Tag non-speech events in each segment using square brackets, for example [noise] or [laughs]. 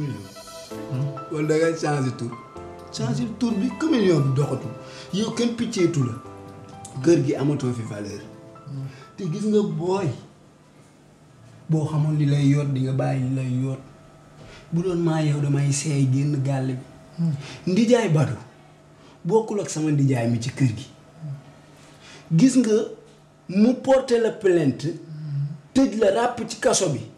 communion wala da ngay changer tur bi communion bi doxatul yow kenn picceetu la kër gi amatoo fi valeur te gis nga booy boo xamoon li lay yoot di nga bàyyi li lay yoot bu doon maa yow damay seey génn gàll bi ndijaay badu bokkul ak sama ndijaay mi ci kër gi gis nga mu porter la plainte tëj la ràpp ci kaso bi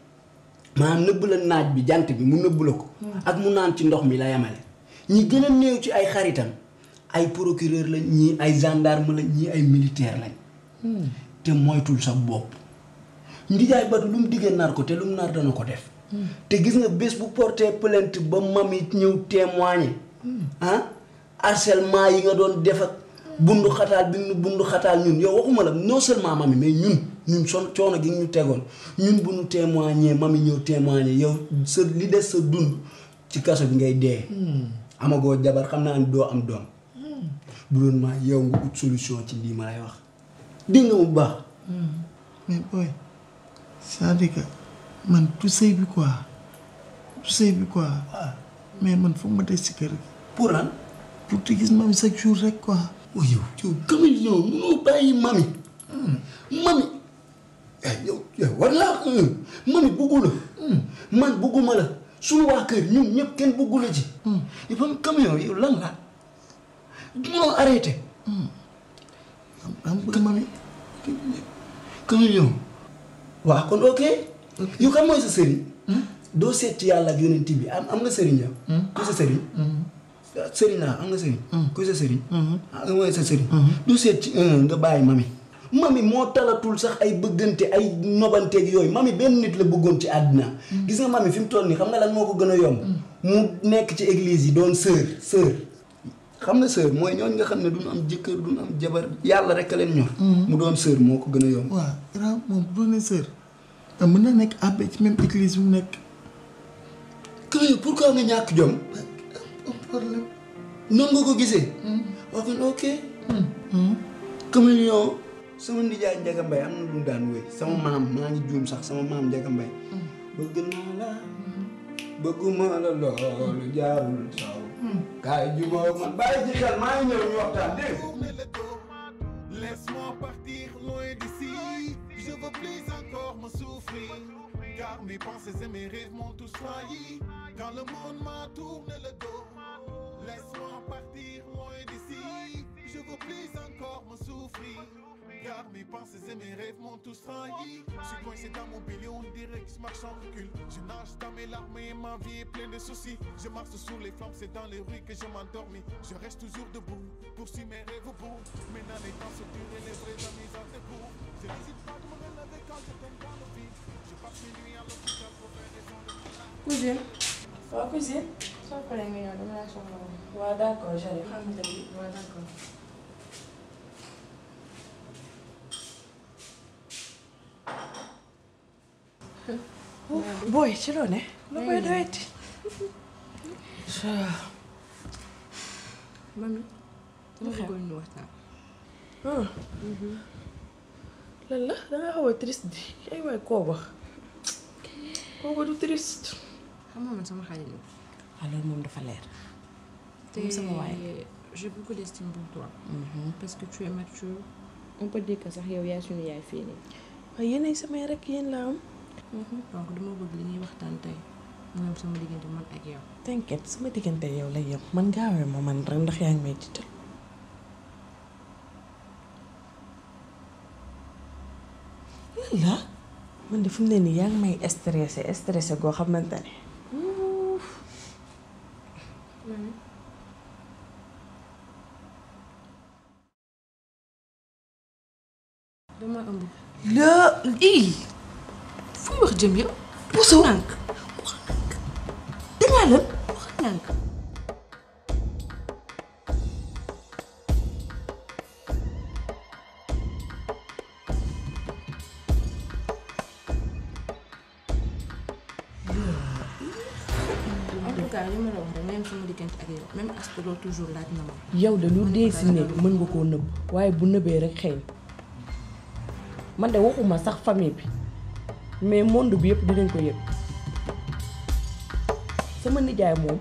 maanaam nëbb la naaj bi jant bi mu nëbb la ko ak mu naan ci ndox mi la yemale ñi gën a néew ci ay xaritam ay procureur lañ ñii ay gendarme lañ ñii ay militaire lañ hmm. te moytul sa bopp ndijaay bat lu mu diggee nar ko te lu mu nar dana ko def hmm. te gis nga bés bu porté plainte ba mam it ñëw témoigner hmm. ah harcèlement yi nga doon def ak bundu xataal bi ñu bundu xataal ñun yow waxuma la non seulement mami mais ñun ñun son coono gi ñu tegoon ñun bu ñu témoigner mami ñëw témoigner yow sa li des sa dund ci kaso bi ngay dee. Hmm. amagoo jabar xam naa ne doo am doom. Hmm. bu doon maa yow nga ut solution ci lii ma lay wax dégg mu baax. Hmm. mais booy cest à man du sëy bi quoi du sëy bi quoi. Ah. mais man foog ma des ci kër gi. pour lan pour di gis mami chaque jour rek quoi. oo yow yow comédien mënoo bàyyi mami mami yow war naa ko mami bëggu la man bëgguma la suñu waa kër ñun ñëpp kenn bëggu la ci yëppam hmm. camion yow lan la mënoo arrêté hmm. am bëgg mami camion waa kon ok yow kan sa sëriñ hmm? doo seet ci yàlla ak yonent bi am am nga sëriñ yow ku sa sëriñ sëriñ laa am nga sëriñ. kuy sa sëriñ. ah mooy sa sëriñ. du seet ci euh, nga bàyyi mami. mami moo talatul sax ay bëggante ay nobanteeg yooyu mami benn nit la bëggoon ci àddina. Mm-hmm. gis nga mami fi mu toll nii xam nga lan moo ko gën a yomb. Mm-hmm. nekk ci église yi doon sœur sœur. xam nga sœur mooy ñooñu nga xam ne duñu am jëkkër duñu am jabar yàlla rek a leen ñor. Mm-hmm. mu doon sœur moo ko gën a yomb. waa raw moom bu doonee sœur. mën na nekk abbé ci même église bu mu nekk. kër pourquoi nga ñàkk jom. problème. noonu nga ko gisee. Hmm. wax nga ok. Hmm. Hmm. communion. sama nijaay Ndiaga Mbaye am na lu mu daan wéy sama maam maa ngi juum sax sama maam Ndiaga Mbaye. bëgg naa la. bëgguma la loolu jaarul saw. kaay jubóo man bàyyi ci xel maa ngi ñëw ñu waxtaan dégg laisse car mes pensées et mes m'ont tous trahi. Quand le monde m'a tourné le dos, laisse-moi partir loin d'ici. Je veux plus encore me souffrir. Car mes pensées et mes rêves m'ont tous trahi. Je suis coincé dans mon bélier, on dirait que je marche en recul. Je nage dans mes larmes et ma vie est pleine de soucis. Je marche sur les flammes, c'est dans les rues que je m'endormis. Je reste toujours debout, poursuis mes rêves au bout. Maintenant les temps sont les amis en secours. Je n'hésite pas de me relever quand cousine. waaw cousine. soo paree nga ñëw dama laa soxla woon. waaw d'accord j'arrive. xam nga tamit waaw d'accord. booy ci loo ne. lu koy doyati. mami. dama bëggoon ñu waxtaan. Ah. Mhm. lan la da nga xaw a triste di ay waay koo wax. kooku du triste. xam man sama xarit ah, loolu moom dafa leer. te sama waay j'ai beaucoup d'estime pour toi. Mm-hmm. parce que tu es mature. on peut dire sax yow yaay suñu yaay fii waaye yéen ay samay rek yéen laa am. Mm-hmm. donc dama bëgg li ñuy waxtaan tey mu am sama diggante man ak yow. t'inquiète sama diggante yow la yow man gaawee ma man rek ndax yaa ngi may jiital. yàlla. man de fu mu ne nii yaa ngi may stressé stressé goo xamante ne. dama ii. fu wax jëm yow. bu soo wax wax nank Kara li ma la yow laaj na yow de lu dee si néeg mën nga koo nëbb waaye bu nëbbee rek xeeñ man de waxuma sax famille bi mais monde bi yëpp dinañ ko yëg sama nijaay moom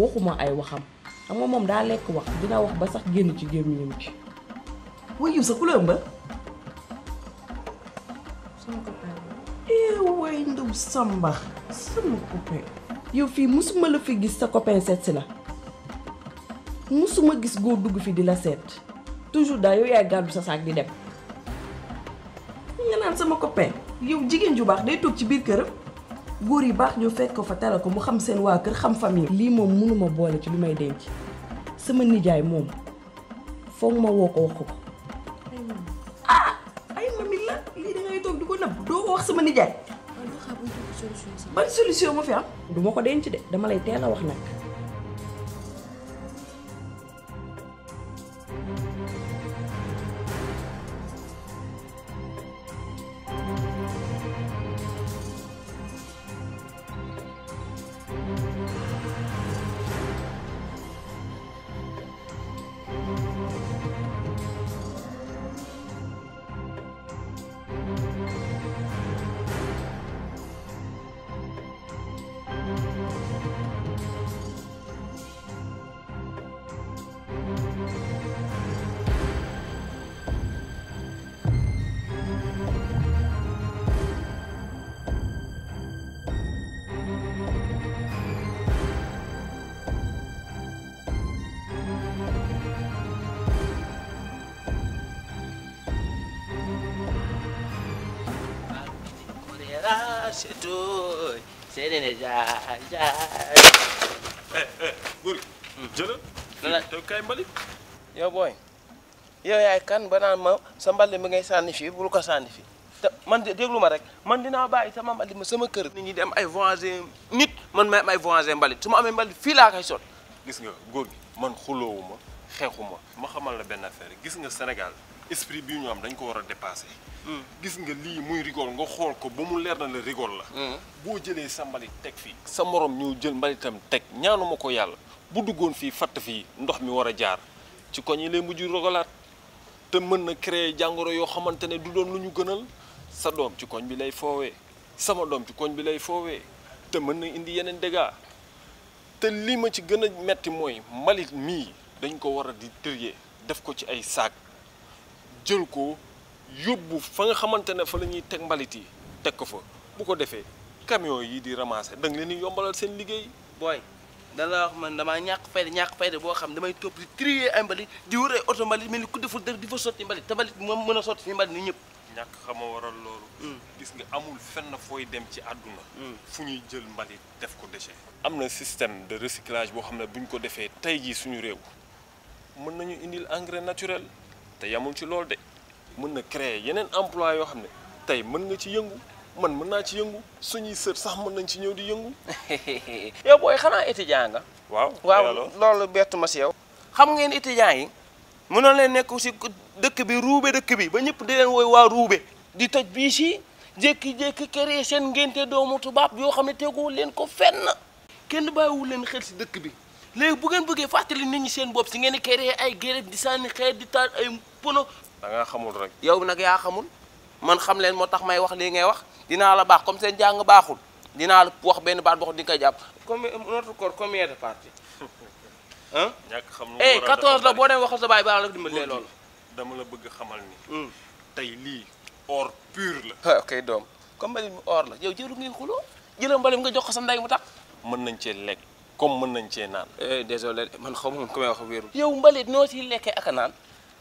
waxuma ay waxam xam nga moom daa lekk wax dina wax ba sax génn ci gémmiñam ci. waaye yow sa sama copain. yow fii musuma la fi gis sa copain seet si la musuma gis góor dugg fi di la seet toujours daal yow yaay gàddu sa saak di dem nga naan sama copain yow jigéen ju baax day toog ci biir këram góor yi baax ñoo fekk ko fa teral ko mu xam seen waa kër xam famille lii moom mënuma boole ci lu may denc sama nijaay moom foog ma woo ko wax ko ah ay mami la lii dangay toog di ko nëbb doo ko wax sama nijaay solution ban solution ma fi am. duma ko denc de dama lay teel a wax nag. seetu seede ne jaay jaay. Eh, eh, buur hmm. jëlal. lan kay mbalit. yow booy yow yaay kan ba naan ma sa mbalit mi ngay sànni fii bul ko sànni fii te man déglu ma rek man dinaa bàyyi sama mbalit ma sama kër. nit ñi dem ay voisins nit man may am ay voisins mbalit su ma amee mbalit fii laa kay sol gis nga góor gi man xulóowu ma xeexu ma ma xamal la benn affaire gis nga Sénégal. esprit bi ñu am dañ ko war a dépasser. Hmm. gis nga lii muy rigole nga xool ko ba mu leer na la rigole la. Hmm. boo jëlee sa mbalit teg fii. sa moroom ñu jël mbalitam teg ñaanuma ko yàlla bu duggoon fii fatt fii ndox mi war a jaar ci koñ yi lay mujj rogalaat te mën na créer jàngoro yoo xamante ne du doon lu ñu gënal sa doom ci koñ bi lay foowee sama doom ci koñ bi lay foowee te mën na indi yeneen dégâts te lii ma ci gën a metti mooy mbalit mii dañ ko war a di trier def ko ci ay saak. jël ko yóbbu fa nga xamante ne fa la ñuy teg mbalit yi teg ko fa bu ko defee camion yi di ramasser da nga leen di yombalal seen liggéey. booy dana la wax man damaa ñàkk fayda ñàkk fayda boo xam ne damay topp di trier ay mbalit di wër ay oto mbalit mel ni ku deful dër di fa sotti mbalit te mbalit moom mën a sotti si mbalit ni ñëpp. ñàkk xama waral loolu. Hmm. gis nga amul fenn fooy dem ci àdduna. Hmm. fu ñuy jël mbalit def ko déchet. am na système de recyclage boo xam ne bu ñu ko defee tey jii suñu réew mën nañu indil engrais naturel. te yamul ci loolu de mën na créer yeneen emploi yoo xam ne tey mën nga ci yëngu man mën naa ci yëngu suñuy sët sax mën nañ ci ñëw di yëngu. [laughs] yow booy xanaa étudiant nga. waaw waaw loolu bett ma si yow. xam ngeen étudiant yi na leen nekk si dëkk bi ruube dëkk bi ba ñëpp di leen wooy waa ruube. di toj bii si jékki-jékki këree seen ngénte doomu tubaab yoo xam ne teguwul leen ko fenn. kenn bàyyiwul leen xel si dëkk bi léegi bu ngeen bëggee fàttali nit ñi seen bopp si ngeen di créer ay géréb di sànni xeer di taal ay. pour da ngaa xamul rek. yow nag yaa xamul man xam leen moo tax may wax lii ngay wax dinaa la baax comme seen jàng baaxul dinaa la wax benn baat boo di koy jàpp. combien notre corps combien de parties. [laughs] xam lu mu 14 eh, la boo demee waxal sa baay baax la dimbalee loolu. dama la bëgg xamal ni. Hmm. tey lii or pur la. ok doom comme mbalim or la yow jëlu ngay xuloo jëlal mbalim nga jox ko sa ndey mu tax. mën nañ cee lekk comme mën nañ cee naan. Eh, désolé man xaw ma ko may wax wéeru. yow mbalit noo ciy lekkee aka naan.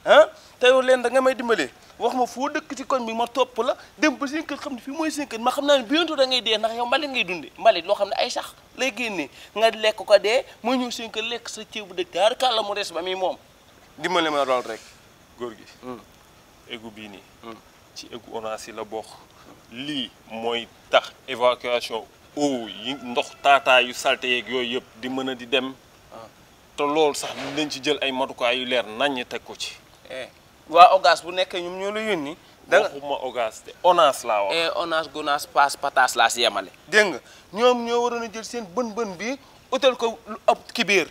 ah te yow leen da nga may dimbale wax ma foo dëkk ci koñ bi ma topp la dem ba seen xam ne fii mooy seen kër ma xam naa ne bientôt da ngay dee ndax yow mbalit ngay dunde mbalit loo xam ne ay sax lay génne nga lekk ko dee mooy ñëw seen lekk sa ceebu dëkk daal kàlla mu des ba muy moom dimbale ma lool rek góor gi hmm. égout bii nii hmm. ci égout ONAS la bokk lii mooy tax évacuation eau yi ndox taataa yu salte yeeg yooyu yëpp di mën a di dem ah. te loolu sax dañ ci jël ay matukaay yu leer naññ teg ko ci Eh, waa ogas bu nekkee ñoom ñoo la yónni. da nga waxuma ogas te onas laa wax. Eh, onas gonas paas pataas laa si yemale. dégg nga ñoom ñoo waroon a jël seen bën-bën bi utal ko lu ab kibiir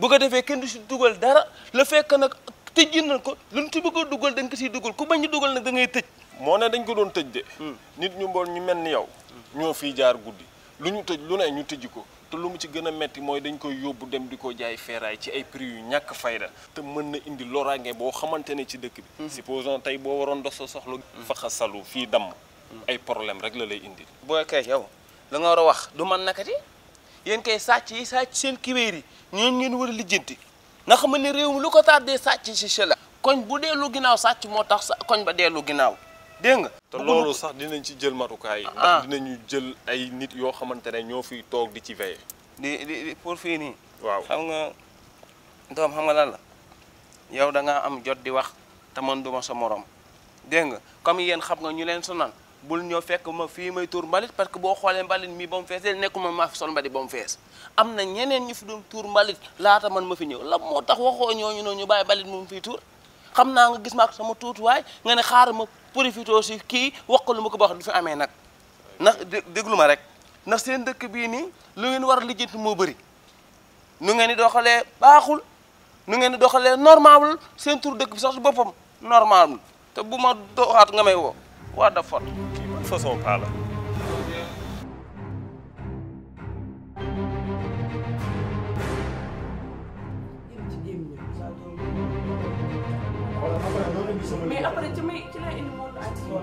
bu ko defee kenn du si dugal dara la fekk nag tëj na ko luñ si bëgg a dugal da nga ko dugal ku bañ dugal nag da tëj. moo ne dañ ko doon tëj de. Hmm. nit ñu mbool ñu mel ni yow. Hmm. ñoo fiy jaar guddi lu ñu tëj lu ne ñu tëj ko. lu mu ci gën a metti mooy dañ koy yóbbu dem di ko jaay feeraay ci ay prix yu ñàkk fayda te mën na indi loraange boo xamante ne ci dëkk bi hmm. supposons tey boo waroon dox sa soxla hmm. faxa salu fii damm hmm. ay problème rek la lay indi booy kay yow la nga war a wax du man nakati yéen kay sàcc yi sàcc seen kiwéer yi ñooñu ngeen war a lijjanti ndax ma ne réew mi lu ko tardee sàcc si si la koñ bu dellu ginnaaw sàcc moo tax sa koñ ba dellu ginnaaw dégg nga te loolu sax dinañ ci jël matukaay yi ah. ndax dinañu jël ay nit yoo xamante ne ñoo fiy toog di ci veiller di di pour fii nii waaw xam nga doom xam nga lan la yow da ngaa am jot di wax te man duma sa morom dégg nga comme yéen xam nga ñu leen sonal bul ñoo fekk ma fii may tuur mbalit parce que boo xoolee mbalit mi ba mu fees leen nekkul ma maa fi sol mbalit ba fees am na ñeneen ñu fi doon tuur mbalit laata man ma fi ñëw la moo tax waxoo ñu noonu ñu bàyyi mbalit mu fi xam naa nga gis ma ak sama tuutuwaay nga ne xaaral ma profité si kii waqalu ma ko ba wax du fi amee nag ndax déglu ma rek ndax seen dëkk bii nii lu ngeen war a lijjanti moo bëri nu ngeen di doxalee baaxul nu ngeen di doxalee normalul seen tur dëkk bi sax su boppam normalul te bu ma doxaat nga may wo waa dafa façon paa la ci may ci lay indi monde entier